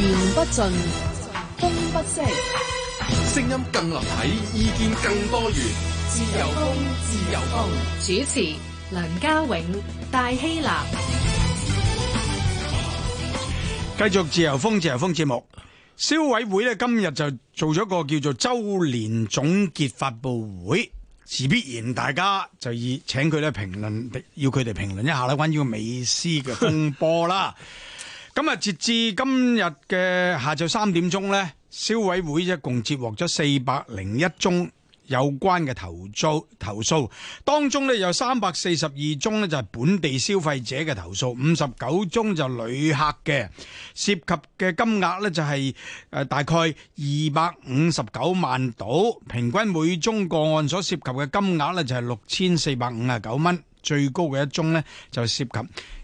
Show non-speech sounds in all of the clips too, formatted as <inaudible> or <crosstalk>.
言不盡，風不息，聲音更立體，意見更多元。自由風，自由風。主持：梁家永、戴希立。繼續自由風，自由風節目。消委會咧今日就做咗個叫做周年總結發佈會，事必然。大家就以請佢哋評論，要佢哋評論一下咧，關於美斯嘅風波啦。 <laughs> 咁啊，截至今日嘅下晝三點鐘呢，消委會一共接獲咗四百零一宗有關嘅投訴，投訴當中呢有三百四十二宗呢就係本地消費者嘅投訴，五十九宗就旅客嘅，涉及嘅金額呢就係誒大概二百五十九萬度，平均每宗個案所涉及嘅金額呢就係六千四百五十九蚊，最高嘅一宗呢就涉及。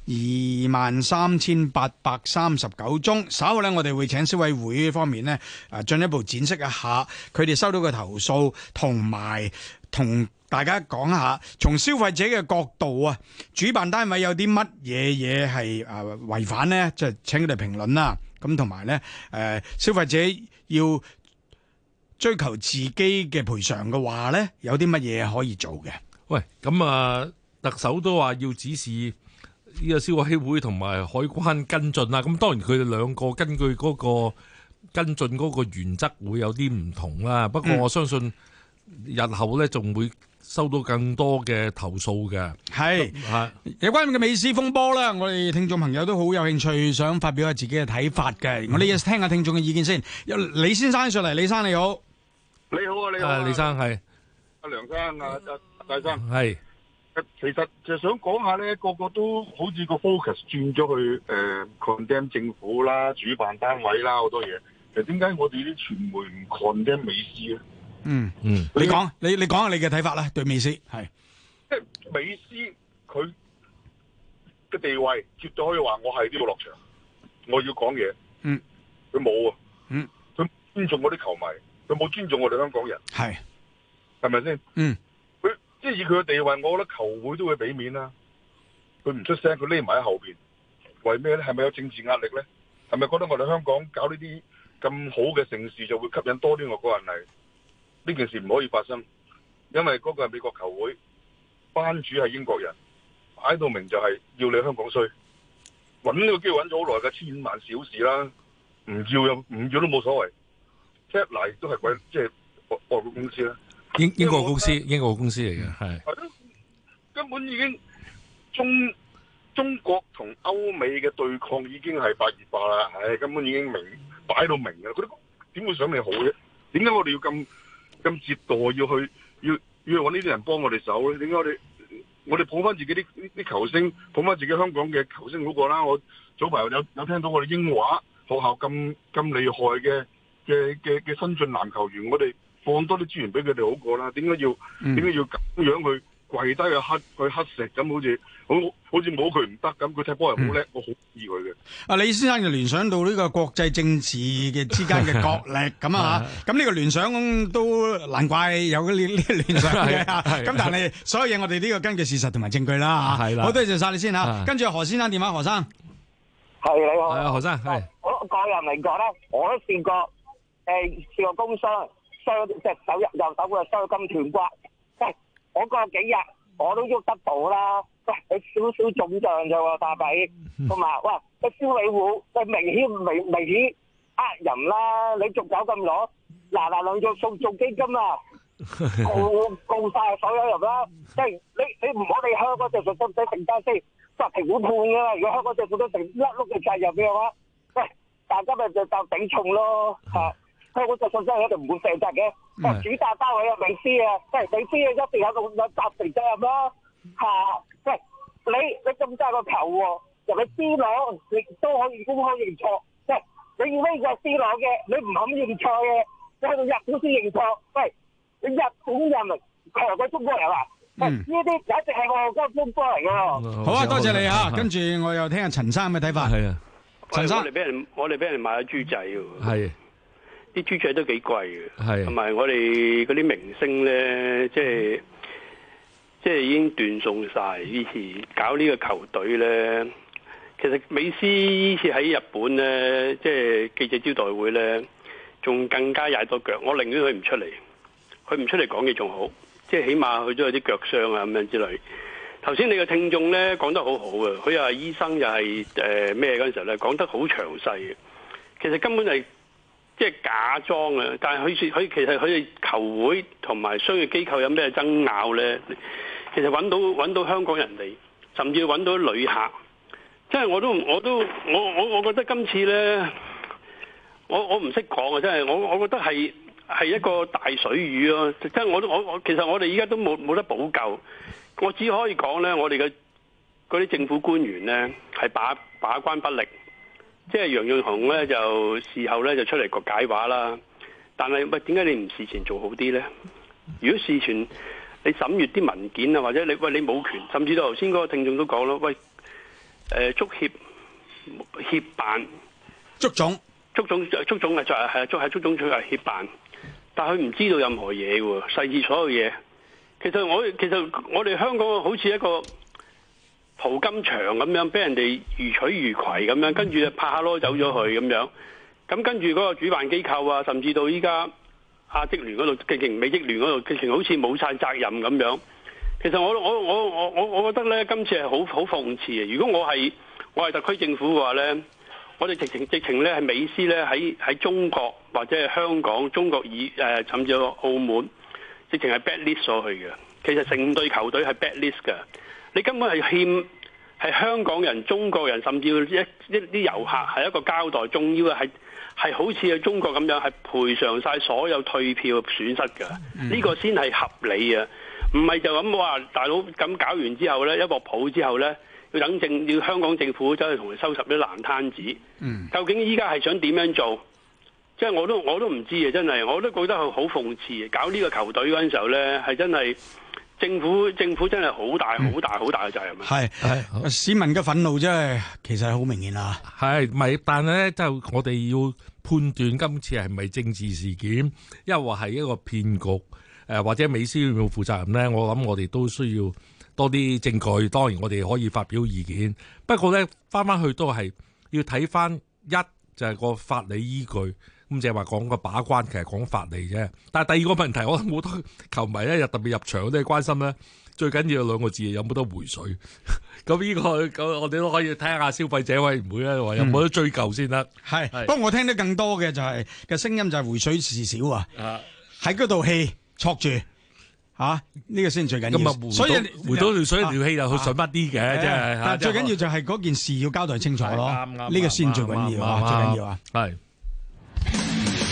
二萬三千八百三十九宗，稍後咧，我哋會請消委會方面呢啊，進一步展示一下佢哋收到嘅投訴，同埋同大家講一下，從消費者嘅角度啊，主辦單位有啲乜嘢嘢係啊違反呢？就請佢哋評論啦。咁同埋呢，誒，消費者要追求自己嘅賠償嘅話呢，有啲乜嘢可以做嘅？喂，咁啊，特首都話要指示，呢個消委會同埋海關跟進啦，咁當然佢哋兩個根據嗰個跟進嗰個原則會有啲唔同啦。不過我相信日後咧仲會收到更多嘅投訴嘅。係係有關嘅美斯風波啦，我哋聽眾朋友都好有興趣想發表下自己嘅睇法嘅。我哋嘅聽下聽眾嘅意見先。有李先生上嚟，李生你好，你好啊，你好啊，李生係阿梁生、阿阿戴生係。其實就係想講下咧，個，個個都好似個 focus 轉咗去誒 condemn、呃、政府啦、主辦單位啦，好多嘢。其實點解我哋啲傳媒唔 condemn 美斯咧？嗯嗯，你講，你你講下你嘅睇法啦，對美斯係。即係美斯佢嘅地位，絕對可以話我係呢度落場，我要講嘢，嗯，佢冇啊，嗯，佢冇尊重我啲球迷，佢冇尊重我哋香港人，係係咪先？嗯。即係以佢嘅地位，我覺得球會都會俾面啦，啊。佢唔出聲，佢匿埋喺後邊，為咩咧？係咪有政治壓力咧？係咪覺得我哋香港搞呢啲咁好嘅城市，就會吸引多啲外國人嚟？呢件事唔可以發生，因為嗰個係美國球會，班主係英國人，擺到明就係要你香港衰。揾呢個機會揾咗好耐嘅，千萬小事啦，唔要又唔要都冇所謂。一嚟都係鬼，即係外國公司啦。英英國公司，英國公司嚟嘅係，根本已經中中國同歐美嘅對抗已經係白熱化啦！唉，根本已經明擺到明嘅，佢哋點會想你好嘅？點解我哋要咁咁折墮要去要要揾呢啲人幫我哋手咧？點解我哋我哋捧翻自己啲啲球星，捧翻自己香港嘅球星好過啦？我早排有有聽到我哋英華學校咁咁厲害嘅嘅嘅嘅新進籃球員，我哋。放多啲資源俾佢哋好過啦，點解要點解、嗯、要咁樣去跪低去乞佢乞食咁？好似好好似冇佢唔得咁，佢踢波又好叻，我好中意佢嘅。啊、嗯，李先生就聯想到呢個國際政治嘅之間嘅角力咁 <laughs> 樣啊，吓咁呢個聯想都難怪有呢呢聯想嘅吓。咁 <laughs> 但係所有嘢我哋呢個根據事實同埋證據啦吓。係啦，好多謝晒你先吓、啊。跟住何先生電話、啊，何先生係你好，啊、何先生係、啊。我個人嚟講咧，我都試過誒，試過工傷。雙隻手入右手嘅收金斷骨，喂，我、那、嗰、個、幾日我都喐得到啦，喂，有少少腫脹咋喎，大髀。同 <laughs> 埋喂，啲消委會，明顯明顯明顯呃人啦，你仲走咁攞，嗱嗱兩做做做基金啊，告告晒所有人啦，即 <laughs> 係你你唔可你香港只做使唔使承擔先？即係政府判嘅，如果香港只做都成一碌嘅責任嘅話，喂，大家咪就擔頂重咯，吓。 <laughs> 佢我做信息喺唔會承責嘅。嗯、主責單位啊，美斯啊，即係美斯啊一定有個有責成責咁啦，吓，喂，你你咁大個球喎，入去 C 朗，你，你都可以公開認錯，喂，你呢個 C 朗嘅，你唔肯認錯嘅，你去到日本先認錯，喂，你日本人強過中國人啊，嗯，呢啲簡直係外國軍官嚟嘅，好啊，多謝你啊！跟住我又聽下陳生嘅睇法佢啊，陳生，我哋俾人我哋俾人買咗豬仔喎，係。啲豬仔都幾貴嘅，同埋我哋嗰啲明星咧，即係即係已經斷送曬。呢次搞呢個球隊咧，其實美斯依次喺日本咧，即係記者招待會咧，仲更加踩多腳。我寧願佢唔出嚟，佢唔出嚟講嘢仲好，即係起碼佢都有啲腳傷啊咁樣之類。頭先你個聽眾咧講得好好嘅，佢又係醫生又係誒咩嗰陣時咧講得好詳細嘅，其實根本係。即係假裝啊！但係佢似可，其實佢哋球會同埋商業機構有咩爭拗咧？其實揾到揾到香港人哋，甚至揾到旅客，即係我都我都我我我覺得今次咧，我我唔識講啊！真係我我覺得係係一個大水魚咯，即係我我我其實我哋依家都冇冇得補救，我只可以講咧，我哋嘅嗰啲政府官員咧係把把關不力。即係楊潤雄咧，就事後咧就出嚟個解話啦。但係喂，點解你唔事前做好啲咧？如果事前你審閱啲文件啊，或者你喂你冇權，甚至到頭先嗰個聽眾都講咯，喂，誒、呃，足協協辦，足總，足總，足總係就係係啊，足係足總協辦，但係佢唔知道任何嘢喎，細節所有嘢。其實我，其實我哋香港好似一個。淘金場咁樣俾人哋如取如攜咁樣，跟住就拍下攞走咗佢咁樣。咁跟住嗰個主辦機構啊，甚至到依家阿職聯嗰度，直、啊、情美職聯嗰度，直情好似冇晒責任咁樣。其實我我我我我我覺得咧，今次係好好諷刺嘅。如果我係我係特區政府嘅話咧，我哋直情直情咧係美斯咧喺喺中國或者係香港、中國以誒、呃、甚至澳門，直情係 bad list 咗去嘅。其實成隊球隊係 bad list 嘅。你根本係欠係香港人、中國人，甚至一一啲遊客係一個交代的，仲要嘅係好似喺中國咁樣，係賠償晒所有退票損失嘅，呢、呢個先係合理啊！唔係就咁話，大佬咁搞完之後呢，一個鋪之後呢，要等政府，要香港政府走去同佢收拾啲爛攤子。究竟依家係想點樣做？即係我都我都唔知啊！真係，我都覺得佢好諷刺，搞呢個球隊嗰陣時候呢，係真係。政府政府真係好大好大好大嘅責任、啊，係、嗯、係市民嘅憤怒真係其實係好明顯啦、啊。係咪？但咧就我哋要判斷今次係咪政治事件，又話係一個騙局？誒、呃、或者美斯要負責任咧？我諗我哋都需要多啲證據。當然我哋可以發表意見，不過咧翻翻去都係要睇翻一就係、是、個法理依據。咁就係話講個把關，其實講法例啫。但係第二個問題，我冇多球迷咧，又特別入場，都係關心咧，最緊要兩個字，有冇得回水？咁呢個，咁我哋都可以睇下消費者委員會咧話有冇得追究先得。係，不過我聽得更多嘅就係嘅聲音就係回水事少啊。喺嗰度氣錯住吓，呢個先最緊要。所以回到條水條氣就去順乜啲嘅啫。但係最緊要就係嗰件事要交代清楚咯。呢個先最緊要，最緊要啊。係。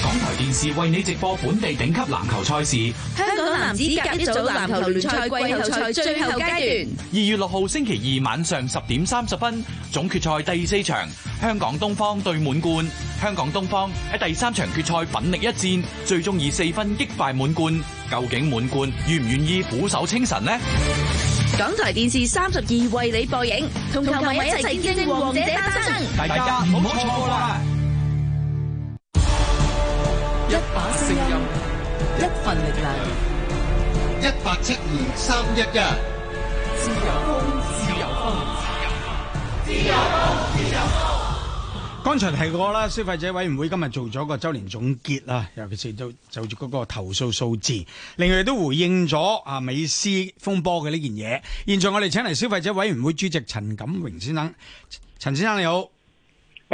港台電視為你直播本地頂級籃球賽事。香港男子甲一組籃球聯賽季後賽最後階段，二月六號星期二晚上十點三十分，總決賽第四場，香港東方對滿貫。香港東方喺第三場決賽奮力一戰，最終以四分擊敗滿貫。究竟滿貫願唔願意俯首稱臣呢？港台電視三十二為你播映，同球迷一齊見證王者誕生。大家唔好錯過啦！一把聲音，一份力量，一八七二三一一。自由風，自由風，自由風，自由風，自由風。剛才提過啦，消費者委員會今日做咗個周年總結啦，尤其是就就住嗰個投訴數字，另外亦都回應咗啊美斯風波嘅呢件嘢。現在我哋請嚟消費者委員會主席陳錦榮先生，陳先生你好。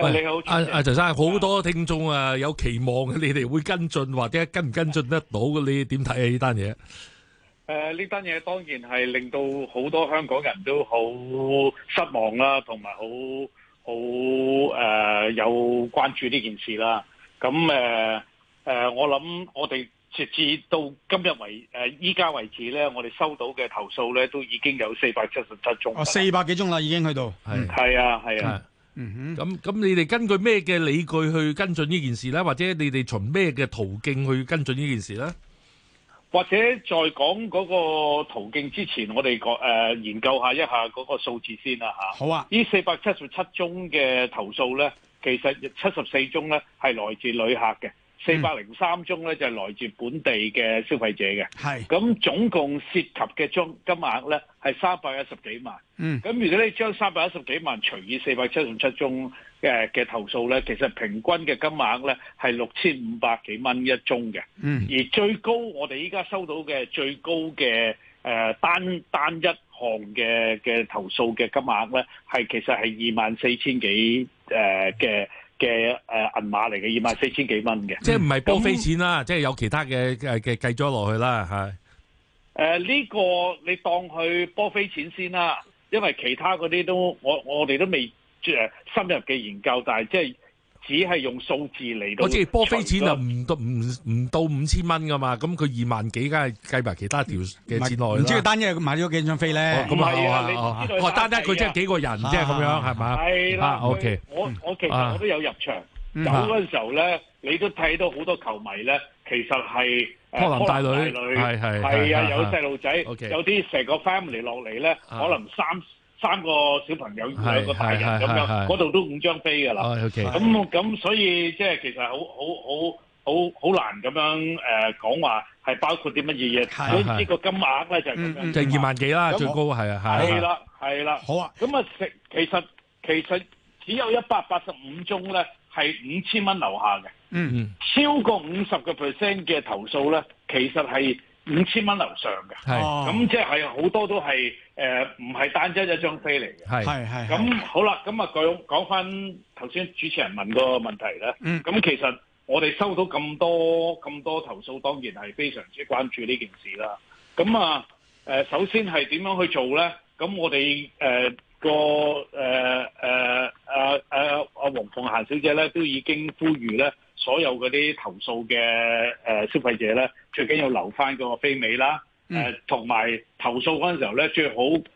喂，你好，阿阿陳生，好多聽眾啊，啊，有期望你哋會跟進或者跟唔跟進得到，你點睇啊？呢單嘢？誒、呃，呢單嘢當然係令到好多香港人都好失望啦、啊，同埋好好誒有關注呢件事啦。咁誒誒，我諗我哋直至到今日為誒依家為止咧，我哋收到嘅投訴咧都已經有四百七十七宗。哦，四百幾宗啦，已經去到。係、嗯、係啊，係啊。嗯哼，咁咁你哋根據咩嘅理據去跟進呢件事咧？或者你哋從咩嘅途徑去跟進呢件事咧？或者在講嗰個途徑之前，我哋講誒研究下一下嗰個數字先啦、啊、吓。好啊，477呢四百七十七宗嘅投訴咧，其實七十四宗咧係來自旅客嘅。四百零三宗咧就係來自本地嘅消費者嘅，係咁總共涉及嘅總金額咧係三百一十幾萬，嗯，咁如果你將三百一十幾萬除以四百七十七宗嘅嘅投訴咧，其實平均嘅金額咧係六千五百幾蚊一宗嘅，嗯，而最高我哋依家收到嘅最高嘅誒單單一項嘅嘅投訴嘅金額咧係其實係二萬四千幾誒嘅。嘅誒銀碼嚟嘅，二萬四千幾蚊嘅，即係唔係波飛錢啦、啊，即、就、係、是、有其他嘅誒嘅計咗落去啦，係。誒、呃、呢、這個你當佢波飛錢先啦，因為其他嗰啲都我我哋都未誒深入嘅研究，但係即係。只係用數字嚟到，我知波飛錢就唔到唔唔到五千蚊噶嘛，咁佢二萬幾，梗係計埋其他條嘅錢內啦。唔知單一買咗幾張飛咧，咁、哦、啊，哦，你知道他啊哦單單佢即係幾個人即係咁樣係嘛？係啦，O K，我我其實我都有入場走嗰陣時候咧，你都睇到好多球迷咧，其實係拖男帶女，係係係啊，有細路仔，okay, 有啲成個 family 落嚟咧，可能三。三個小朋友，兩個大人咁樣，嗰度都五張飛㗎啦。咁咁所以即係其實好好好好好難咁樣誒講話係包括啲乜嘢嘢。你、這、呢個金額咧就係咁樣，就二萬幾啦，最高係啊，係啦，係啦。好啊。咁、嗯、啊，食其實其實只有一百八十五宗咧係五千蚊樓下嘅。嗯嗯。超過五十個 percent 嘅投訴咧，其實係。五千蚊樓上嘅，係，咁即係好多都係誒，唔係單止一張飛嚟嘅，係係。咁文諾雷好啦，咁啊講講返頭先主持人問個問題咧，咁、mm. 其實我哋收到咁多咁多投訴，當然係非常之關注呢件事啦。咁啊誒，首先係點樣去做咧？咁我哋誒個誒誒誒誒阿黃鳳嫺小姐咧，都已經呼籲咧。所有嗰啲投訴嘅誒消費者咧，最緊要留翻個飛尾啦，誒同埋投訴嗰陣時候咧，最好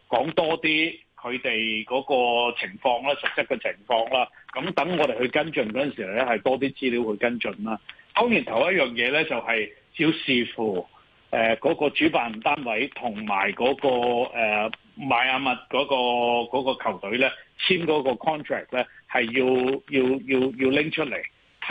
講多啲佢哋嗰個情況，的情況啦，實質嘅情況啦。咁等我哋去跟進嗰陣時候咧，係多啲資料去跟進啦。當然頭一樣嘢咧，就係、是、要視乎誒嗰、呃那個主辦單位同埋嗰個誒邁阿密嗰個球隊咧，簽嗰個 contract 咧，係要要要要拎出嚟。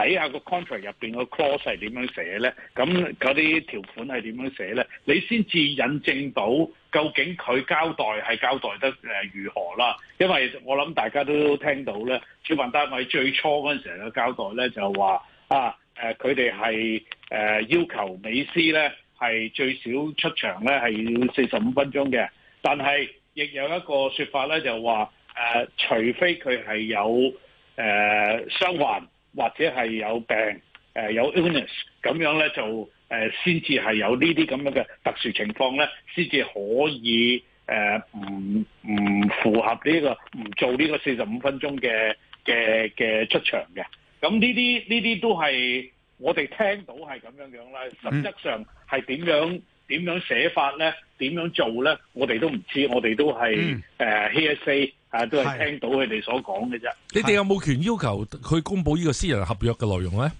睇下個 contract 入邊個 clause 係點樣寫咧，咁嗰啲條款係點樣寫咧？你先至引證到究竟佢交代係交代得誒如何啦。因為我諗大家都聽到咧，主辦單位最初嗰陣時嘅交代咧，就話啊誒，佢哋係誒要求美斯咧係最少出場咧係要四十五分鐘嘅。但係亦有一個説法咧，就話誒、呃，除非佢係有誒、呃、傷患。或者係有病，誒、呃、有 illness，咁樣咧就誒先至係有呢啲咁樣嘅特殊情況咧，先至可以誒唔唔符合呢個唔做呢個四十五分鐘嘅嘅嘅出場嘅。咁呢啲呢啲都係我哋聽到係咁樣樣啦。實質上係點樣點樣寫法咧？點樣做咧？我哋都唔知，我哋都係誒 hearsay 啊，都係聽到佢哋所講嘅啫。你哋有冇權要求佢公佈呢個私人合約嘅內容咧？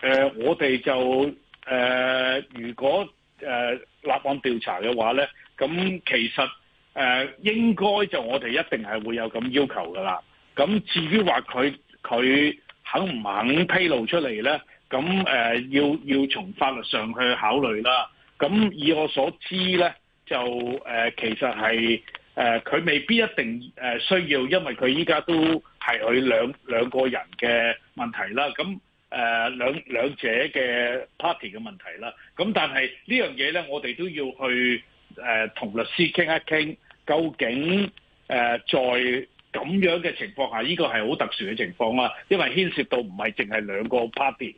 誒、呃，我哋就誒、呃，如果誒、呃、立案調查嘅話咧，咁其實誒、呃、應該就我哋一定係會有咁要求㗎喇。咁至於話佢佢肯唔肯披露出嚟咧？咁誒、呃、要要從法律上去考慮啦。咁以我所知咧，就誒、呃、其實係。誒、呃、佢未必一定誒需要，因為佢依家都係佢兩兩個人嘅問題啦。咁誒、呃、兩兩者嘅 party 嘅問題啦。咁但係呢樣嘢咧，我哋都要去誒同、呃、律師傾一傾，究竟誒、呃、在咁樣嘅情況下，呢、這個係好特殊嘅情況啊，因為牽涉到唔係淨係兩個 party。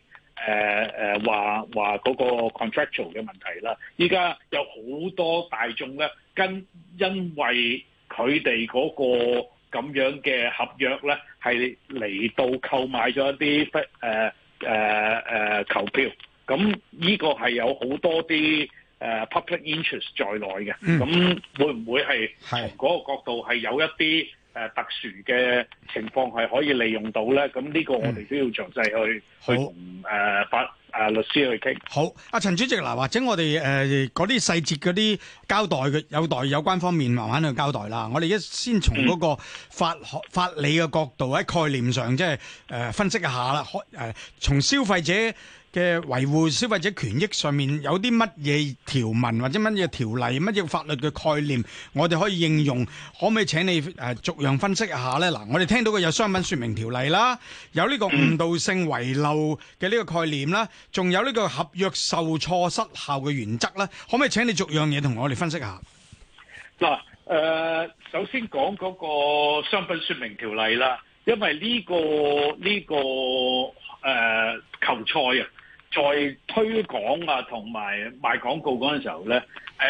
誒誒話話嗰個 contractual 嘅問題啦，依家有好多大眾咧跟，因為佢哋嗰個咁樣嘅合約咧，係嚟到購買咗一啲誒誒誒球票，咁呢個係有好多啲誒、呃、public interest 在內嘅，咁會唔會係從嗰個角度係有一啲？誒特殊嘅情況係可以利用到咧，咁呢個我哋都要詳細、就是、去、嗯、去同誒、呃、法誒、呃、律師去傾。好，阿、啊、陳主席嗱，或、呃、者我哋誒嗰啲細節嗰啲交代嘅，有待有關方面慢慢去交代啦。我哋一先從嗰個法學、嗯、法理嘅角度喺概念上，即係誒、呃、分析一下啦。誒，從消費者。嘅維護消費者權益上面，有啲乜嘢條文或者乜嘢條例、乜嘢法律嘅概念，我哋可以應用，可唔可以請你誒逐樣分析一下呢？嗱，我哋聽到嘅有商品說明條例啦，有呢個誤導性遺漏嘅呢個概念啦，仲有呢個合約受挫失效嘅原則啦，可唔可以請你逐樣嘢同我哋分析下？嗱，誒，首先講嗰個商品說明條例啦，因為呢個呢個誒、呃、球賽啊。在推廣啊，同埋賣廣告嗰陣時候咧，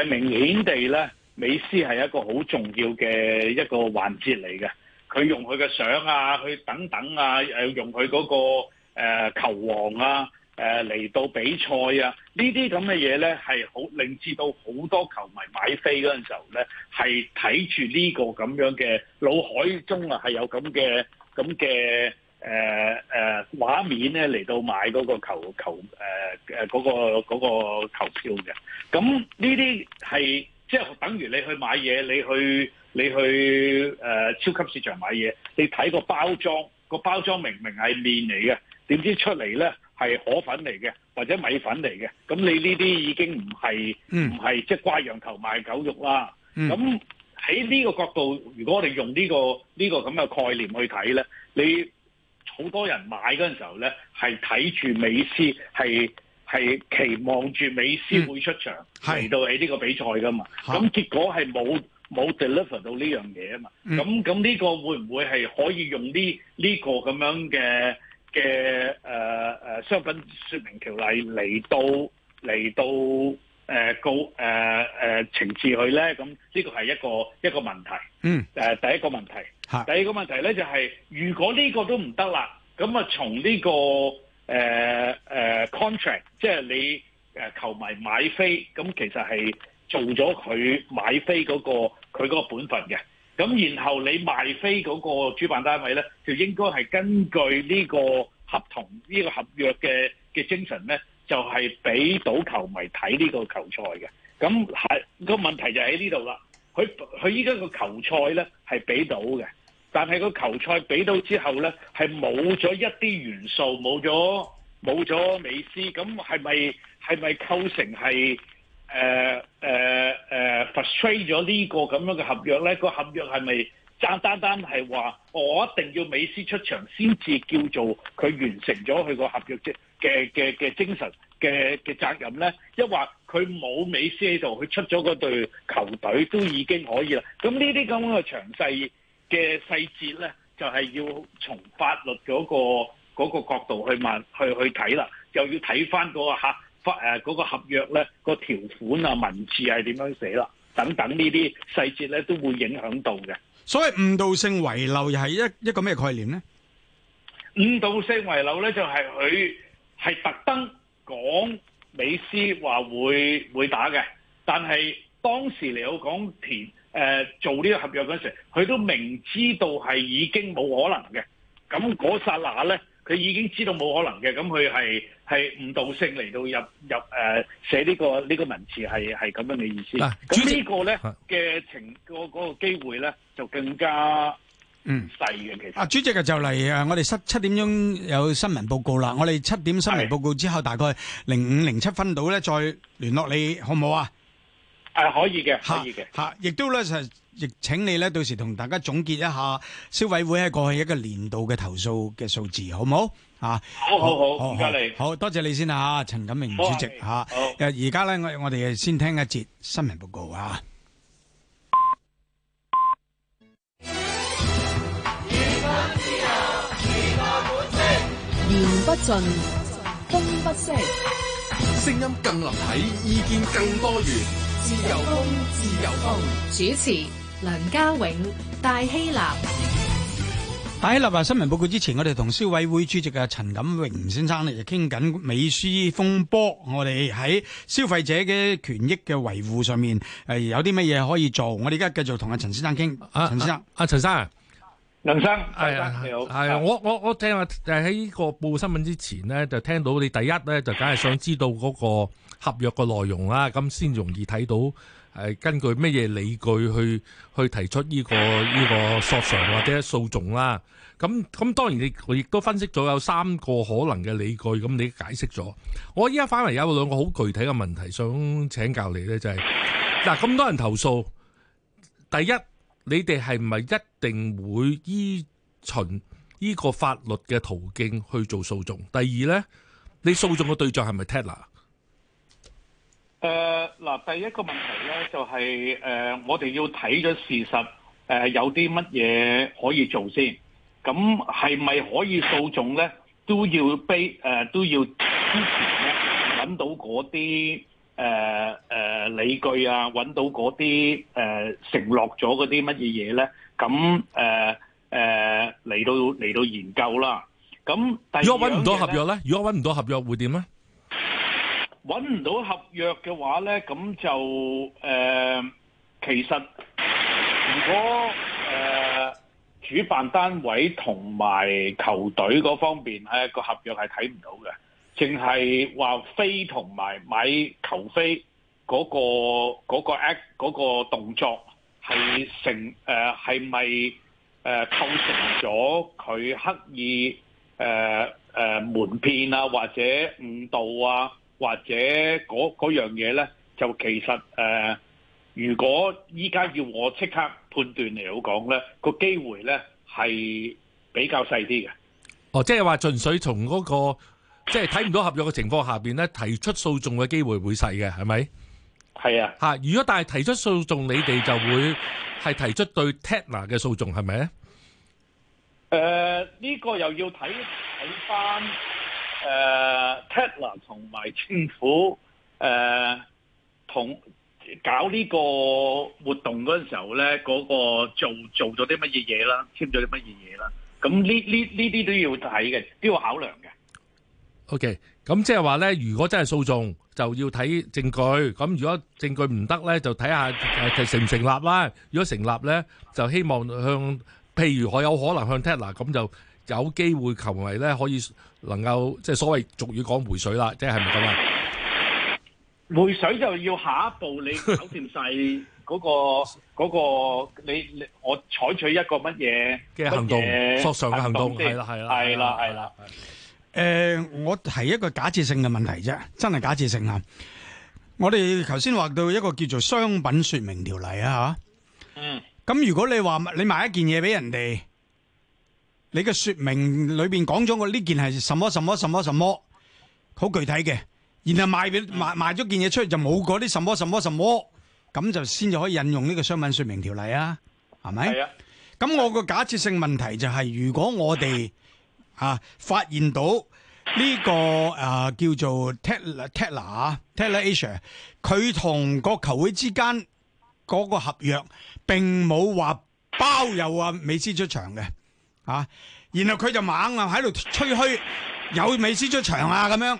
明顯地咧，美斯係一個好重要嘅一個環節嚟嘅。佢用佢嘅相啊，佢等等啊，用佢嗰個，呃，球王啊，呃，嚟到比賽啊，呢啲咁嘅嘢咧係好令至到好多球迷買飛嗰陣時候咧，係睇住呢個咁樣嘅腦海中啊係有咁嘅咁嘅。誒、呃、誒、呃、畫面咧嚟到買嗰個球球誒嗰、呃嗰個嗰、嗰個球票嘅，咁呢啲係即係等於你去買嘢，你去你去誒、呃、超級市場買嘢，你睇個包裝，個包裝明明係麵嚟嘅，點知出嚟咧係河粉嚟嘅或者米粉嚟嘅，咁你呢啲已經唔係唔係即係掛羊頭賣狗肉啦。咁喺呢個角度，如果我哋用呢、呢個呢、呢個咁嘅概念去睇咧，你。好多人買嗰陣時候咧，係睇住美斯，係係期望住美斯會出場嚟、嗯、到喺呢個比賽嘅嘛。咁結果係冇冇 deliver 到呢樣嘢啊嘛。咁咁呢個會唔會係可以用呢呢、呢個咁樣嘅嘅誒誒商品説明條例嚟到嚟到誒、呃、告誒誒懲治佢咧？咁呢個係一個一個問題。嗯。誒，第一個問題。第二個問題咧就係、是，如果呢個都唔得啦，咁啊從呢、這個誒誒、呃呃、contract，即係你誒球迷買飛，咁其實係做咗佢買飛嗰、那個佢嗰個本分嘅。咁然後你賣飛嗰個主辦單位咧，就應該係根據呢個合同呢、這個合約嘅嘅精神咧，就係俾到球迷睇呢個球賽嘅。咁係、那個問題就喺呢度啦。佢佢依家個球賽咧係俾到嘅。但係個球賽俾到之後咧，係冇咗一啲元素，冇咗冇咗美斯，咁係咪係咪構成係誒誒誒 fulfill 咗呢個咁樣嘅合約咧？個合約係咪單單單係話我一定要美斯出場先至叫做佢完成咗佢個合約嘅嘅嘅嘅精神嘅嘅責任咧？一話佢冇美斯喺度，佢出咗嗰隊球隊都已經可以啦。咁呢啲咁樣嘅詳細。嘅細節呢，就係、是、要從法律嗰、那個嗰、那個角度去問去睇啦，又要睇返嗰個合約呢，個條款呀、啊、文字係點樣寫啦，等等呢啲細節呢，都會影響到嘅。所謂誤導性遺漏，又係一個咩概念呢？誤導性遺漏呢，就係佢係特登講美斯話會,會打嘅，但係當時嚟到講。田。誒、呃，做呢個合約嗰時，佢都明知道係已經冇可能嘅。咁嗰剎那咧，佢已經知道冇可能嘅。咁佢係係誤導性嚟到入入誒，寫、呃、呢、這個呢、這個文字係係咁樣嘅意思。咁、啊、呢個咧嘅情，啊那個嗰個機會咧就更加嗯細嘅。其實，阿、嗯啊、主席嘅、啊、就嚟誒，我哋七七點鐘有新聞報告啦。我哋七點新聞報告之後，大概零五零七分到咧再聯絡你，好唔好啊？誒、啊，可以嘅，可以嘅，吓、啊，亦、啊、都咧就亦請你咧，到時同大家總結一下消委會喺過去一個年度嘅投訴嘅數字，好唔好？吓、啊，好好好，唔該你，好多謝你先啊，陳錦榮主席吓，好而家咧我我哋先聽一節新聞報告啊。言不自由風，自由風。主持梁家永、戴希立。喺立華新聞報告之前，我哋同消委會主席嘅陳錦榮先生咧，就傾緊美斯風波。我哋喺消費者嘅權益嘅維護上面，誒、呃，有啲乜嘢可以做？我哋而家繼續同阿陳先生傾。陳、啊、先生，阿、啊、陳、啊啊、生，梁生，大、哎、啊，你好。係我我我聽誒喺呢個報新聞之前呢，就聽到你第一咧，就梗係想知道嗰個、啊。合約嘅內容啦，咁先容易睇到係根據乜嘢理據去去提出呢個呢個索償或者訴訟啦。咁咁當然你亦都分析咗有三個可能嘅理據，咁你解釋咗。我依家反為有兩個好具體嘅問題想請教你咧，就係嗱咁多人投訴，第一你哋係咪一定會依循呢個法律嘅途徑去做訴訟？第二咧，你訴訟嘅對象係咪 Tatler？誒，嗱，第一個問題咧就係、是，誒、呃，我哋要睇咗事實，誒、呃，有啲乜嘢可以做先？咁係咪可以訴訟咧？都要背，誒、呃，都要之前揾到嗰啲，誒、呃，誒、呃，理據啊，揾到嗰啲，誒、呃，承諾咗嗰啲乜嘢嘢咧？咁，誒、呃，誒、呃，嚟到嚟到研究啦。咁，但如果揾唔到合約咧，如果揾唔到合約會點咧？揾唔到合約嘅話呢，咁就誒、呃，其實如果誒、呃、主辦單位同埋球隊嗰方面，個、呃、合約係睇唔到嘅，淨係話飛同埋買球飛嗰、嗰個嗰、嗰個 act 嗰個動作係成係咪誒構成咗佢刻意誒誒瞞騙、啊、或者誤導呀、啊？或者嗰樣嘢咧，就其實誒、呃，如果依家要我即刻判斷嚟好講咧，個機會咧係比較細啲嘅。哦，即係話，純粹從嗰、嗰個，即係睇唔到合約嘅情況下邊咧，提出訴訟嘅機會會細嘅，係咪？係啊。嚇！如果但係提出訴訟，你哋就會係提出對 Tatler 嘅訴訟，係咪啊？呢、呃呢個又要睇睇翻。誒，Tanner 同埋政府誒，同搞呢個活動嗰陣時候咧，嗰個做做咗啲乜嘢嘢啦，簽咗啲乜嘢嘢啦？咁呢呢呢啲都要睇嘅，都要考量嘅。OK，咁即係話咧，如果真係訴訟，就要睇證據。咁如果證據唔得咧，就睇下誒成唔成立啦。如果成立咧，就希望向譬如佢有可能向 Tanner 咁就。有機會，球迷咧可以能夠即係所謂俗語講回水啦，即係係咪咁啊？回水就要下一步你搞掂曬，嗰個嗰個你你我採取一個乜嘢嘅行動，索償嘅行動，係啦係啦，係啦係啦。誒，我係一個假設性嘅問題啫，真係假設性啊！我哋頭先話到一個叫做商品説明條例啊嚇。嗯。咁如果你話你賣一件嘢俾人哋。你嘅說明裏面講咗我呢件係什麼什麼什麼什麼好具體嘅，然後賣俾賣賣咗件嘢出嚟就冇嗰啲什麼什麼什麼，咁就先至可以引用呢個商品說明條例啊，係咪？係啊。咁我個假設性問題就係、是，如果我哋啊發現到呢、這個、啊、叫做 Tatler Tatler Tatler Asia，佢同個球會之間嗰個合約並冇話包有啊，美斯出場嘅。啊！然後佢就猛啊喺度吹噓有美斯出場啊，咁樣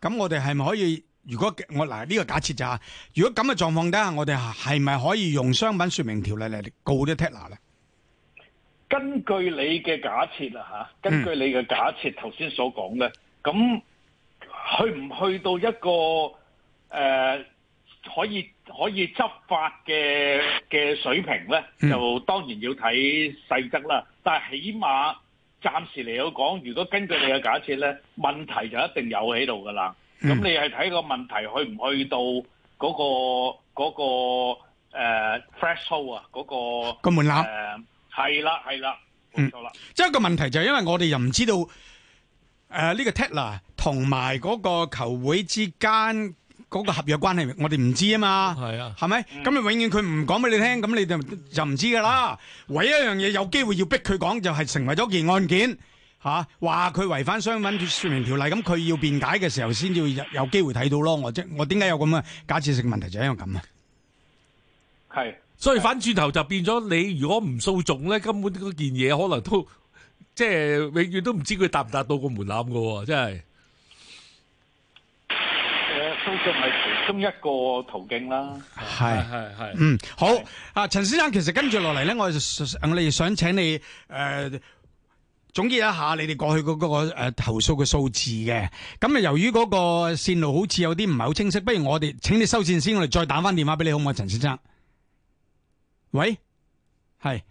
咁，我哋係咪可以？如果我嗱呢個假設就啊，如果咁嘅狀況底下，我哋係咪可以用商品説明條例嚟告啲 Tatler 咧？根據你嘅假設啊，嚇，根據你嘅假設頭先所講咧，咁去唔去到一個誒可以可以執法嘅嘅水平咧？就當然要睇細則啦。但係起碼暫時嚟講，如果根據你嘅假設咧，問題就一定有喺度㗎啦。咁你去睇個問題去唔去到嗰個嗰個誒 threshold 啊，嗰個個門檻，係啦，係啦，冇錯啦。即係個問題就係因為我哋又唔知道誒呢個 Teller 同埋嗰個球會之間。嗰、那個合約關係，我哋唔知啊嘛，係啊，係咪？咁就永遠佢唔講俾你聽，咁你就就唔知噶啦。唯一一樣嘢有機會要逼佢講，就係、是、成為咗件案件嚇，話、啊、佢違反商品説明條例，咁佢要辯解嘅時候，先至有機會睇到咯。我即我點解有咁嘅假設性問題就一樣咁啊？係，所以反轉頭就變咗，你如果唔訴訟咧，根本嗰件嘢可能都即係、就是、永遠都唔知佢達唔達到個門檻㗎真係。都仲係其中一個途徑啦，係係係，嗯好啊，陳、呃、先生，其實跟住落嚟咧，我我哋想請你誒、呃、總結一下你哋過去嗰、嗰個誒、嗰個呃、投訴嘅數字嘅，咁啊由於嗰個線路好似有啲唔係好清晰，不如我哋請你收線先，我哋再打翻電話俾你好唔好啊，陳先生？喂，係。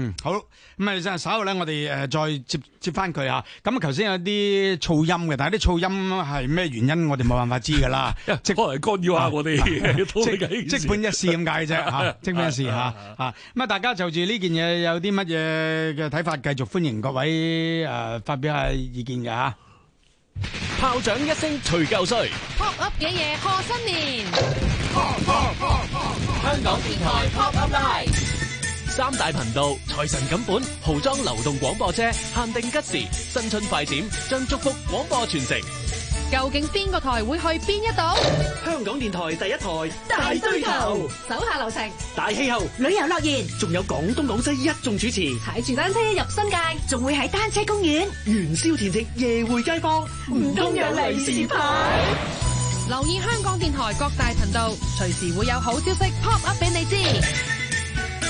嗯好，咁啊，真係稍後咧，我哋誒再接接翻佢啊。咁啊，頭先有啲噪音嘅，但係啲噪音係咩原因，我哋冇辦法知噶啦。即係干擾下我哋，即即管一試咁解啫。即管一試吓吓。咁啊，大家就住呢件嘢有啲乜嘢嘅睇法，繼續歡迎各位誒發表下意見㗎吓。炮仗一聲除舊歲，pop up 嘅嘢賀新年，香港電台 pop up live。三大頻道，財神錦本，豪裝流動廣播車，限定吉時，新春快閃，將祝福廣播全城。究竟邊個台會去邊一度？香港電台第一台，大堆頭，手下留情，大氣候，旅遊樂園，仲有廣東廣西一眾主持，踩住單車入新界，仲會喺單車公園，元宵前夕夜會街坊，唔通有利是派？留意香港電台各大頻道，隨時會有好消息 pop up 俾你知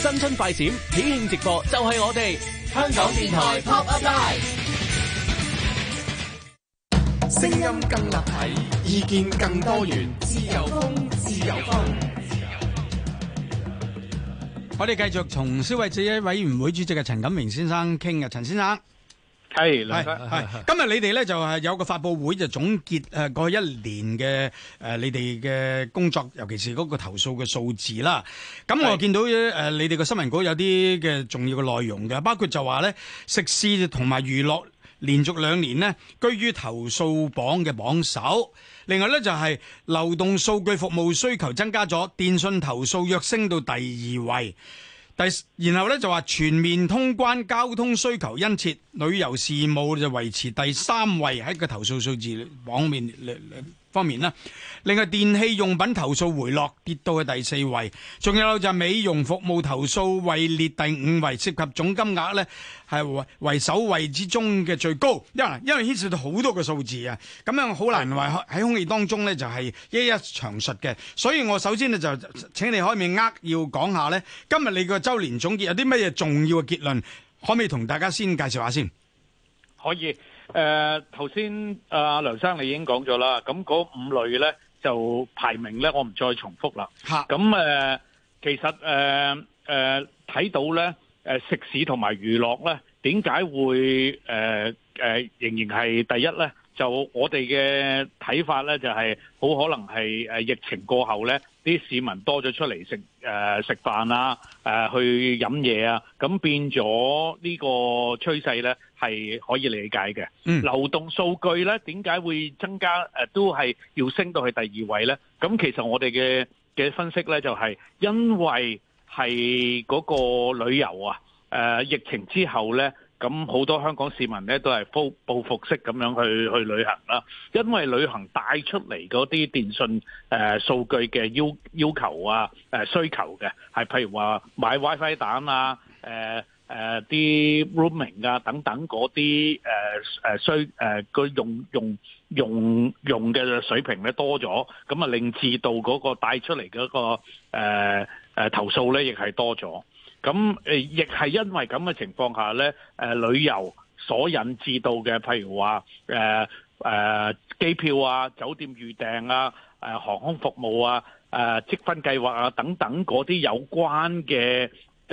新春快閃，喜慶直播就係、是、我哋香港電台 pop up live 聲音更立體，意見更多元，自由風，自由風。我哋繼續從消費者委員會主席嘅陳錦榮先生傾啊，陳先生。係，係，係。今日你哋咧就係、是、有個發佈會，就總結誒、呃、過去一年嘅誒、呃、你哋嘅工作，尤其是嗰個投訴嘅數字啦。咁我見到誒、呃、你哋嘅新聞稿有啲嘅重要嘅內容嘅，包括就話咧食肆同埋娛樂連續兩年呢，居於投訴榜嘅榜首。另外咧就係、是、流動數據服務需求增加咗，電信投訴躍升到第二位。然後呢，就話全面通關，交通需求殷切，旅遊事務就維持第三位，喺個投訴數字網面方面啦，另外電器用品投訴回落，跌到去第四位，仲有就係美容服務投訴位列第五位，涉及總金額咧係為首位之中嘅最高。因為因為牽涉到好多個數字啊，咁樣好難話喺空氣當中咧就係一一詳述嘅。所以我首先咧就請你可唔可以呃要講下咧？今日你個周年總結有啲乜嘢重要嘅結論，可唔可以同大家先介紹下先？可以。誒，頭先阿梁生你已經講咗啦，咁嗰五類咧就排名咧，我唔再重複啦。咁誒，其實誒誒，睇到咧，誒食肆同埋娛樂咧，點解會誒誒，仍然係第一咧？就我哋嘅睇法咧，就係好可能係誒疫情過後咧，啲市民多咗出嚟食誒食飯啊，誒、呃、去飲嘢啊，咁變咗呢個趨勢咧，係可以理解嘅、嗯。流動數據咧，點解會增加？呃、都係要升到去第二位咧。咁其實我哋嘅嘅分析咧，就係因為係嗰個旅遊啊，誒、呃、疫情之後咧。咁好多香港市民咧都係報報復式咁樣去去旅行啦，因為旅行帶出嚟嗰啲電信誒、呃、數據嘅要要求啊、呃、需求嘅，係譬如話買 WiFi 蛋啊誒啲、呃呃、roaming 啊等等嗰啲誒需誒個用用用用嘅水平咧多咗，咁啊令至到嗰個帶出嚟嗰個誒、呃、投訴咧亦係多咗。咁誒，亦係因為咁嘅情況下咧，誒旅遊所引致到嘅，譬如話誒誒機票啊、酒店預訂啊、誒航空服務啊、誒積分計劃啊等等嗰啲有關嘅誒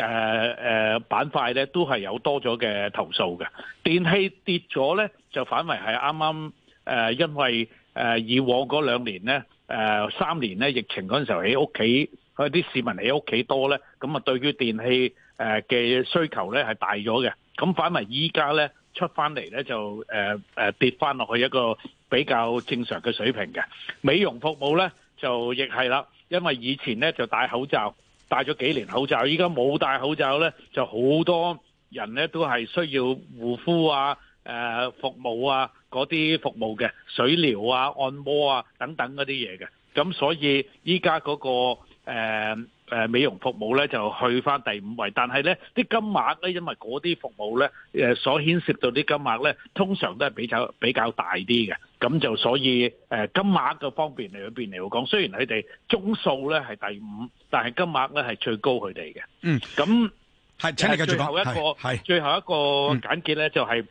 誒板塊咧，都係有多咗嘅投訴嘅。電器跌咗咧，就反為係啱啱誒，因為誒以往嗰兩年咧，誒三年咧疫情嗰陣時候喺屋企，所以啲市民喺屋企多咧。咁啊，對於電器誒嘅需求咧係大咗嘅，咁反而依家咧出翻嚟咧就誒誒跌翻落去一個比較正常嘅水平嘅。美容服務咧就亦係啦，因為以前咧就戴口罩戴咗幾年口罩，依家冇戴口罩咧就好多人咧都係需要護膚啊、誒服務啊嗰啲服務嘅水療啊、按摩啊等等嗰啲嘢嘅，咁所以依家嗰個誒。誒美容服務咧就去返第五位，但係咧啲金額咧，因為嗰啲服務咧誒所牽涉到啲金額咧，通常都係比較比較大啲嘅。咁就所以誒金額嘅方面嚟嚟嚟嚟講，雖然佢哋宗數咧係第五，但係金額咧係最高佢哋嘅。嗯，咁係請繼續講。係最後一個簡結咧，就係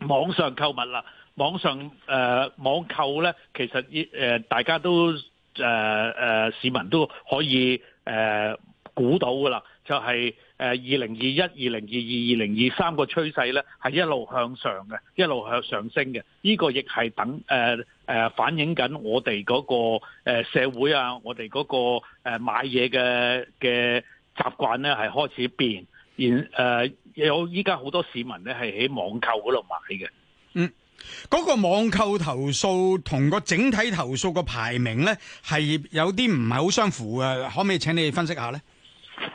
網上購物啦。網上誒網購咧，其實依誒大家都誒誒市民都可以。誒、呃、估到㗎啦，就係誒二零二一、二零二二、二零二三個趨勢咧，係一路向上嘅，一路向上升嘅。呢、這個亦係等誒誒、呃、反映緊我哋嗰個誒社會啊，我哋嗰個誒買嘢嘅嘅習慣咧，係開始變。然誒、呃、有依家好多市民咧，係喺網購嗰度買嘅。嗯。嗰、那個網購投訴同個整體投訴個排名呢，係有啲唔係好相符啊！可唔可以請你分析下呢？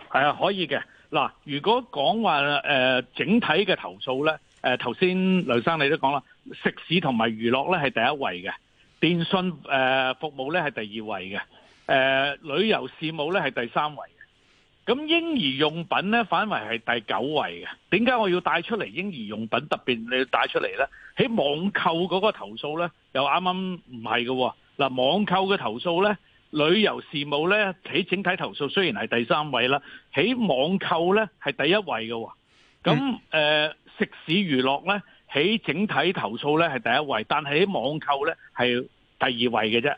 係啊，可以嘅。嗱，如果講話誒整體嘅投訴呢，誒、呃、頭先劉生你都講啦，食肆同埋娛樂呢係第一位嘅，電信誒服務呢係第二位嘅，誒、呃、旅遊事務呢係第三位的。咁嬰兒用品咧，反為係第九位嘅。點解我要帶出嚟嬰兒用品特別你要帶出嚟咧？喺網購嗰個投訴咧，又啱啱唔係嘅。嗱，網購嘅投訴咧，旅遊事務咧，喺整體投訴雖然係第三位啦，喺網購咧係第一位嘅。咁、呃、食肆娛樂咧，喺整體投訴咧係第一位，但係喺網購咧係第二位嘅啫。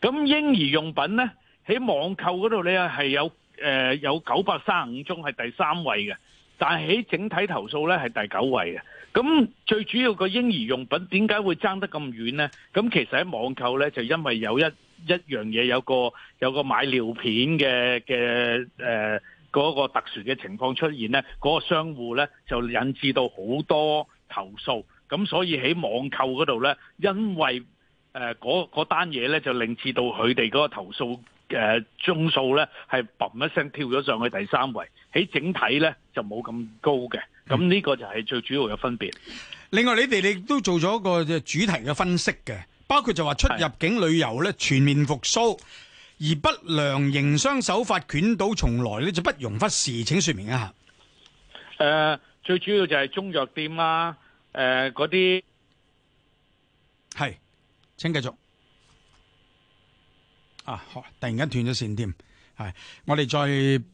咁嬰兒用品咧喺網購嗰度你係有。誒有九百三十五宗係第三位嘅，但係喺整體投訴咧係第九位嘅。咁最主要個嬰兒用品點解會爭得咁遠呢？咁其實喺網購咧就因為有一一樣嘢，有個有個買尿片嘅嘅誒嗰個特殊嘅情況出現咧，嗰個商戶咧就引致到好多投訴。咁所以喺網購嗰度咧，因為誒嗰單嘢咧就令致到佢哋嗰個投訴。誒，宗數咧係砰一聲跳咗上去第三位，喺整體咧就冇咁高嘅。咁呢個就係最主要嘅分別。另外，你哋亦都做咗一個主題嘅分析嘅，包括就話出入境旅遊咧全面復甦，而不良營商手法捲土重來咧就不容忽視，請說明一下。誒，最主要就係中藥店啦，誒，嗰啲係，請繼續。啊！突然間斷咗線添，係我哋再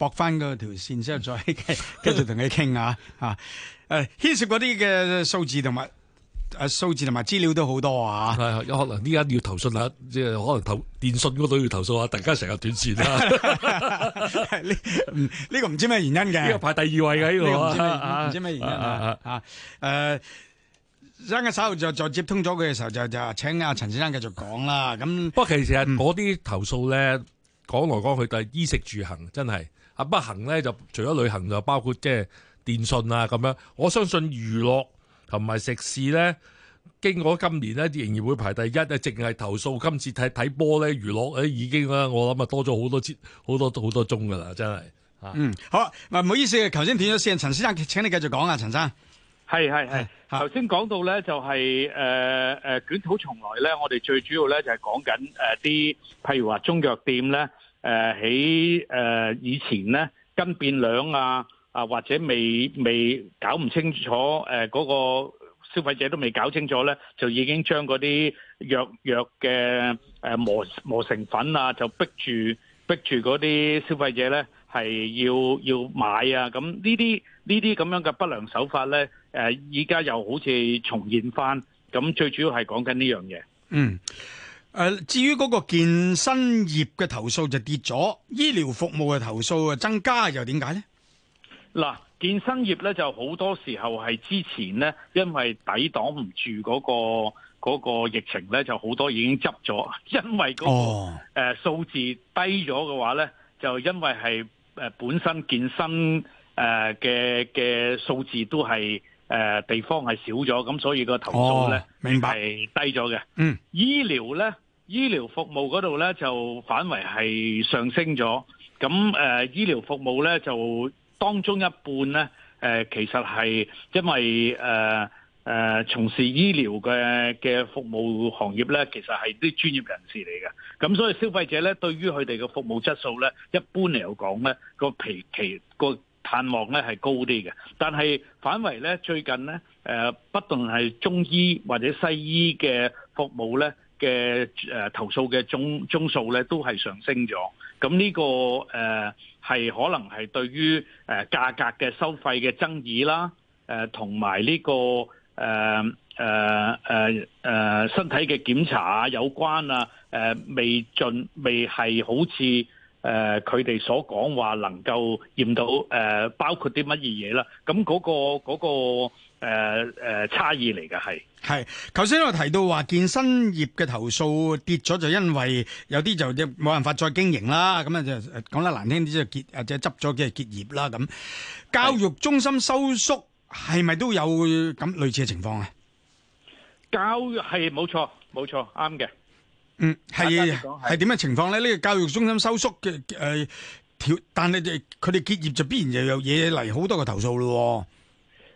駁返嗰條線之後再繼續跟住同你傾下。啊，誒、呃，牽涉嗰啲嘅數字同埋誒數字同埋資料都好多啊！係，可能呢家要投訴啊，即係可能投電信嗰度要投訴啊！突然間成日斷線啊！呢呢、這個唔知咩原因嘅，呢、這個排第二位嘅呢個啊，這個唔知咩原因啊誒。啊啊啊啊啊啊真嘅，稍後就就接通咗佢嘅時候，就就請阿陳先生繼續講啦。咁不過其實嗰啲投訴咧，講來講去都係衣食住行，真係啊不行咧就除咗旅行，就包括即係電信啊咁樣。我相信娛樂同埋食肆咧，經過今年咧啲營業會排第一，啊，淨係投訴。今次睇睇波咧，娛樂誒已經啦，我諗啊多咗好多節好多好多鐘噶啦，真係、啊。嗯，好，唔好意思，頭先斷咗線，陳先生請你繼續講啊，陳生。係系系，頭先講到咧就係誒誒捲土重來咧，我哋最主要咧就係講緊誒啲，譬如話中藥店咧，誒喺誒以前咧跟變兩啊啊或者未未搞唔清楚，誒嗰個消費者都未搞清楚咧，就已經將嗰啲藥藥嘅誒磨磨成粉啊，就逼住逼住嗰啲消費者咧係要要買啊，咁呢啲。呢啲咁樣嘅不良手法呢，誒依家又好似重現翻，咁最主要係講緊呢樣嘢。嗯，誒至於嗰個健身業嘅投訴就跌咗，醫療服務嘅投訴啊增加，又點解呢？嗱，健身業呢就好多時候係之前呢，因為抵擋唔住嗰個嗰個疫情呢，就好多已經執咗，因為嗰個誒數字低咗嘅話呢，就因為係誒本身健身。誒嘅嘅數字都係誒地方係少咗，咁所以個投訴咧明白係低咗嘅。嗯，醫療咧，醫療服務嗰度咧就反為係上升咗。咁誒，醫療服務咧就當中一半咧，誒其實係因為誒誒從事醫療嘅嘅服務行業咧，其實係啲專業人士嚟嘅。咁所以消費者咧，對於佢哋嘅服務質素咧，一般嚟講咧，個皮其個盼望咧係高啲嘅，但係反而咧最近咧誒，不論係中醫或者西醫嘅服務咧嘅誒投訴嘅總宗數咧都係上升咗。咁呢個誒係可能係對於誒價格嘅收費嘅爭議啦，誒同埋呢個誒誒誒誒身體嘅檢查啊有關啊，誒、呃、未盡未係好似。誒，佢哋所講話能夠驗到，誒包括啲乜嘢嘢啦？咁嗰個嗰個，誒誒，差異嚟㗎，係係。頭先我提到話健身業嘅投訴跌咗，就因為有啲就冇辦法再經營啦。咁啊，就講得難聽啲，即係結或者執咗嘅結業啦。咁教育中心收縮係咪都有咁類似嘅情況啊？教育係冇錯，冇錯，啱嘅。嗯，係，係點樣情況咧？呢個教育中心收縮嘅誒，但係就佢哋結業就必然又有嘢嚟，好多嘅投訴咯。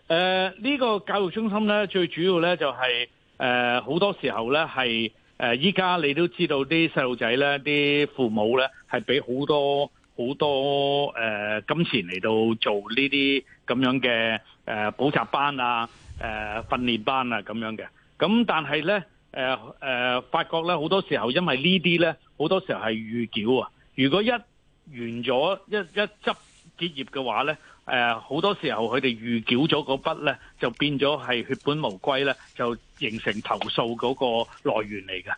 誒，呢個教育中心咧，最主要咧就係誒，好多時候咧係誒，依家你都知道啲細路仔咧，啲父母咧係俾好多好多誒金錢嚟到做呢啲咁樣嘅誒補習班啊，誒訓練班啊咁樣嘅。咁但係咧。誒、呃、誒，發覺咧好多時候因為呢啲咧，好多時候係預繳啊，如果一完咗一一執結業嘅話咧，誒、呃、好多時候佢哋預繳咗嗰筆咧，就變咗係血本無歸咧，就形成投訴嗰個來源嚟㗎。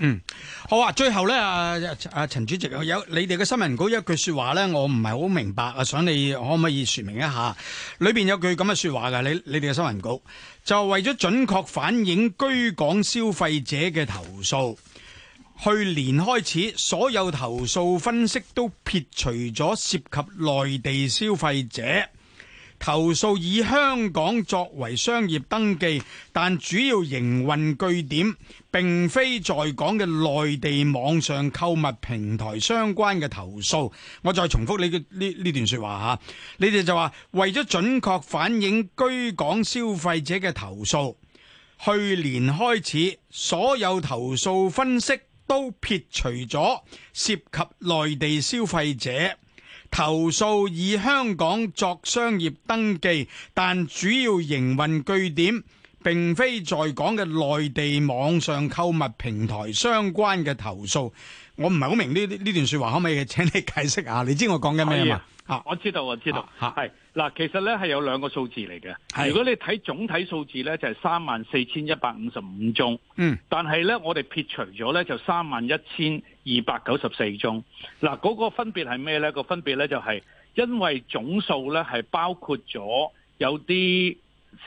嗯，好啊！最後咧，阿、啊、陳、啊啊、主席有你哋嘅新聞稿有一句說話咧，我唔係好明白啊，想你可唔可以說明一下？裏邊有句咁嘅說話噶，你你哋嘅新聞稿就為咗準確反映居港消費者嘅投訴，去年開始所有投訴分析都撇除咗涉及內地消費者。投訴以香港作為商業登記，但主要營運據點並非在港嘅內地網上購物平台相關嘅投訴。我再重複你嘅呢呢段說話嚇，你哋就話為咗準確反映居港消費者嘅投訴，去年開始所有投訴分析都撇除咗涉及內地消費者。投訴以香港作商業登記，但主要營運據點並非在港嘅內地網上購物平台相關嘅投訴，我唔係好明呢呢段說話，可唔可以請你解釋下？你知我講緊咩嘛？我知道，我知道，係、啊、嗱，其實呢係有兩個數字嚟嘅。如果你睇總體數字呢，就係三萬四千一百五十五宗。嗯，但係呢，我哋撇除咗呢，就三萬一千。二百九十四宗，嗱、那、嗰個分別係咩咧？嗰個分別咧就係因為總數咧係包括咗有啲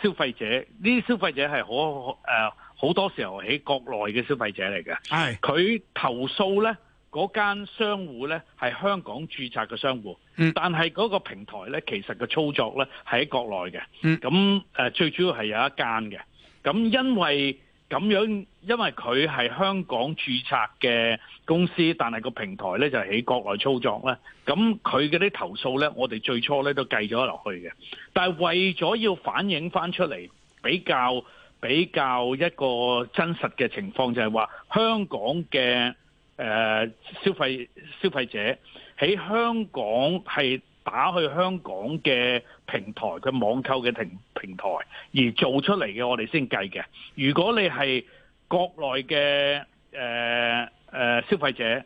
消費者，呢啲消費者係好誒，好、呃、多時候喺國內嘅消費者嚟嘅，係佢投訴咧嗰間商戶咧係香港註冊嘅商戶，嗯，但係嗰個平台咧其實嘅操作咧係喺國內嘅，嗯，咁、呃、誒，最主要係有一間嘅，咁因為。咁樣，因為佢係香港註冊嘅公司，但係個平台呢就喺國內操作啦。咁佢嗰啲投訴呢，我哋最初呢都計咗落去嘅。但係為咗要反映返出嚟，比較比較一個真實嘅情況，就係話香港嘅誒消費消費者喺香港係。打去香港嘅平台佢網購嘅平平台，而做出嚟嘅，我哋先計嘅。如果你係國內嘅誒誒消費者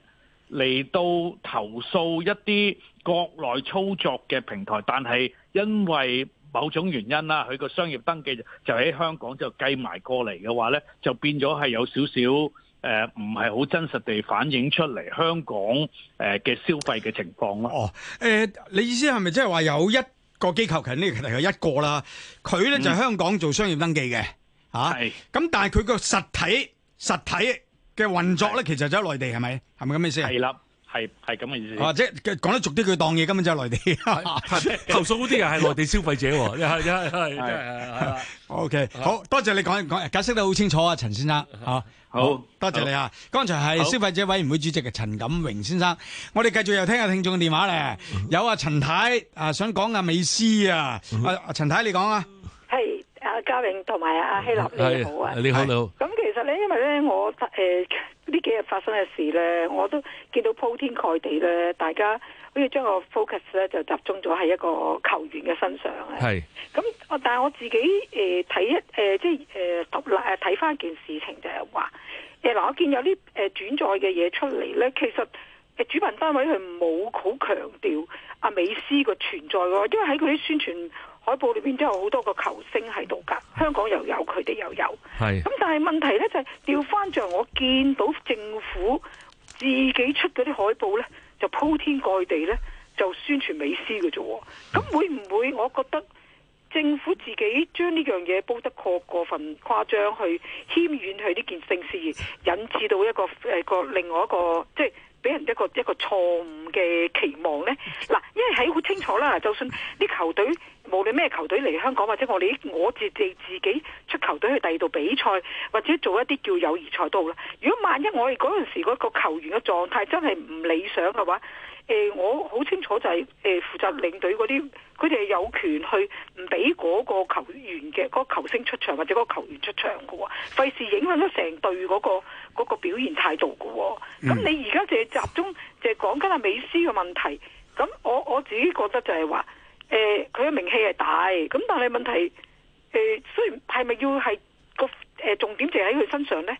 嚟到投訴一啲國內操作嘅平台，但係因為某種原因啦，佢個商業登記就喺香港就計埋過嚟嘅話咧，就變咗係有少少。誒唔係好真實地反映出嚟香港誒嘅、呃、消費嘅情況咯。哦，誒、呃、你意思係咪即係話有一個機構？其實呢個係一個啦，佢咧就係、香港做商業登記嘅嚇，咁、嗯啊、但係佢個實體實體嘅運作咧，其實就喺內地係咪？係咪咁嘅意思？係啦。係係咁嘅意思，或者講得俗啲，佢當嘢根本就係、是、內地是的是是是，投訴嗰啲人係內地消費者喎，O K，好,好多謝你講講解釋得好清楚啊，陳先生嚇，好,好多謝你啊。剛才係消費者委員會主席嘅陳錦榮先生，我哋繼續又聽下聽眾嘅電話咧、嗯，有啊陳太啊想講啊美斯啊，嗯、啊陳太你講啊，係阿嘉穎同埋阿希立、嗯、你好啊，你好你好，咁其實咧因為咧我誒。呃呢幾日發生嘅事呢，我都見到鋪天蓋地呢。大家好似將個 focus 呢就集中咗喺一個球員嘅身上係。咁，但係我自己誒睇、呃、一誒、呃、即係誒睇翻件事情、就係，就係話嗱，我見有啲誒轉載嘅嘢出嚟呢，其實主辦單位佢冇好強調阿美斯個存在喎，因為喺佢啲宣傳。海報裏邊都有好多個球星喺度㗎，香港又有，佢哋又有。咁但係問題呢，就係調翻轉，我見到政府自己出嗰啲海報呢，就鋪天蓋地呢，就宣傳美斯嘅啫。咁會唔會？我覺得政府自己將呢樣嘢煲得過過分誇張去，去牽遠係呢件盛事，引致到一個誒個、呃、另外一個即係。俾人一個一個錯誤嘅期望呢，嗱，因為係好清楚啦，就算啲球隊無論咩球隊嚟香港，或者我哋我自己自己出球隊去第二度比賽，或者做一啲叫友誼賽都好啦。如果萬一我哋嗰陣時嗰個球員嘅狀態真係唔理想嘅話，誒、呃，我好清楚就係誒負責領隊嗰啲，佢哋有權去唔俾嗰個球員嘅嗰、嗰個球星出場，或者嗰個球員出場嘅喎，費事影響咗成隊嗰個嗰、嗰個表現態度嘅喎、哦。咁你而家淨係集中淨係講緊阿美斯嘅問題，咁我我自己覺得就係話，誒佢嘅名氣係大，咁但係問題，誒、呃、雖然係咪要係個誒、呃、重點就喺佢身上咧？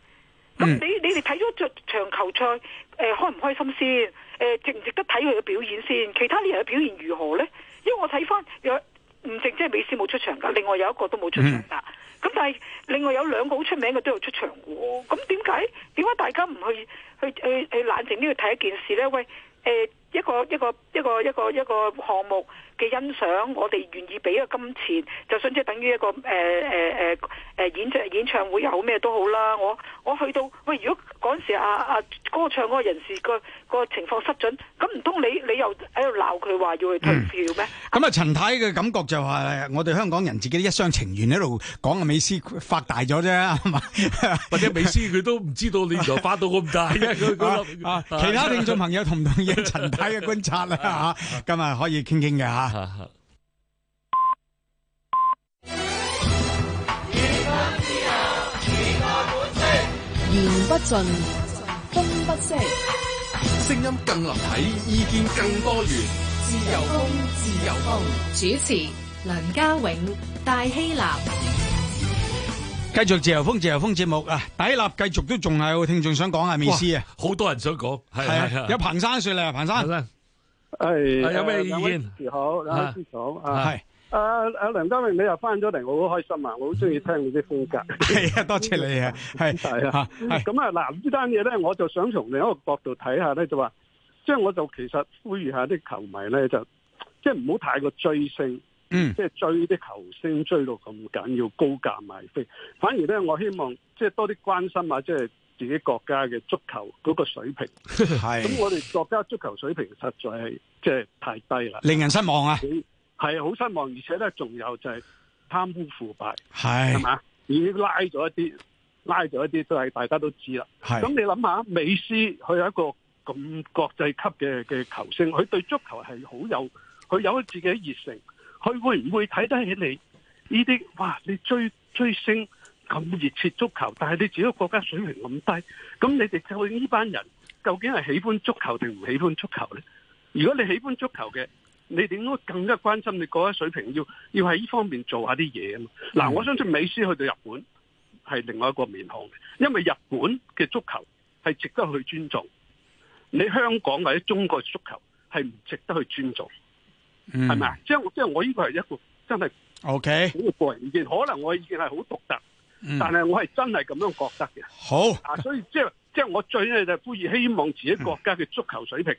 咁你你哋睇咗場球賽，誒、呃、開唔開心先？誒、呃、值唔值得睇佢嘅表演先？其他啲人嘅表現如何呢？因為我睇翻有唔淨即係美斯冇出場噶，另外有一個都冇出場噶。咁但係另外有兩個好出名嘅都有出場喎。咁點解？點解大家唔去去去去冷靜啲去睇一件事呢？喂，誒、呃、一個一個一個一個一個項目。嘅欣賞，我哋願意俾個金錢，就算即係等於一個誒誒誒誒演唱演唱會又好咩都好啦。我我去到喂，如果嗰陣時阿、啊、阿、啊、歌唱嗰個人士個個情況失準，咁唔通你你又喺度鬧佢話要去退票咩？咁、嗯、啊，陳太嘅感覺就係我哋香港人自己一廂情願喺度講啊，美斯發大咗啫，係嘛？或者美斯佢 <laughs> 都唔知道你原來發到咁大嘅、 <laughs> 啊啊啊。啊，其他聽眾朋友同唔同意陳太嘅觀察咧？吓、 <laughs> 啊，今、啊、日、啊、可以傾傾嘅吓。言 <music> 不盡，風不息，聲音更立體，意見更多元。自由風，自由風。主持：梁家永、戴希立。繼續自由風，自由風節目啊！戴希立繼續都仲係，有聽眾想講下面事。啊，好多人想講，係有彭生說啦，彭生。係、哎啊、有咩意見？好，好，係、啊，誒、啊、誒、啊啊，梁家榮，你又翻咗嚟，我好開心啊！我好中意聽你啲風格。係、嗯、啊，多謝你呵呵啊，係啊，咁啊，嗱，呢單嘢咧，我就想從另一個角度睇下咧，就話，即、就、係、是、我就其實呼籲下啲球迷咧，就即係唔好太過追星，即、嗯、係、就是、追啲球星追麼，追到咁緊要高價買飛，反而咧，我希望即係、就是、多啲關心啊，即係。自己國家嘅足球嗰個水平，咁 <laughs> 我哋國家足球水平實在係即係太低啦，令人失望啊！係好失望，而且咧仲有就係貪污腐敗，係嘛？已經拉咗一啲，拉咗一啲都係大家都知啦。咁你諗下，美斯佢一個咁國際級嘅嘅球星，佢對足球係好有，佢有自己嘅熱誠，佢會唔會睇得起你呢啲？哇！你追追星。咁熱切足球，但係你自己個國家水平咁低，咁你哋究竟呢班人究竟係喜歡足球定唔喜歡足球咧？如果你喜歡足球嘅，你點解更加關心你國家水平要要喺呢方面做下啲嘢啊？嗱、嗯，我相信美斯去到日本係另外一個面向嘅，因為日本嘅足球係值得去尊重，你香港或者中國足球係唔值得去尊重，係、嗯、咪、嗯？即係即係我呢個係一個真係 OK 個人意見，可能我意見係好獨特。嗯、但係我係真係咁樣覺得嘅，好啊，所以即係即係我最咧就呼籲，希望自己國家嘅足球水平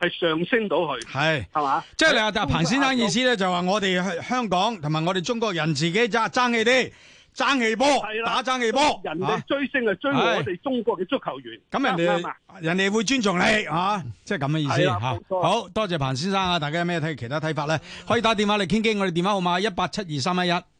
係上升到去，係係嘛，即係你阿彭先生意思咧就話、是、我哋香港同埋我哋中國人自己爭爭氣啲，爭氣波、就是，打爭氣波，人哋追星係、啊、追我哋中國嘅足球員，咁人哋人哋會尊重你吓，即係咁嘅意思吓、啊，好多謝彭先生啊，大家有咩睇其他睇法咧，可以打電話嚟傾傾，我哋電話號碼一八七二三一一。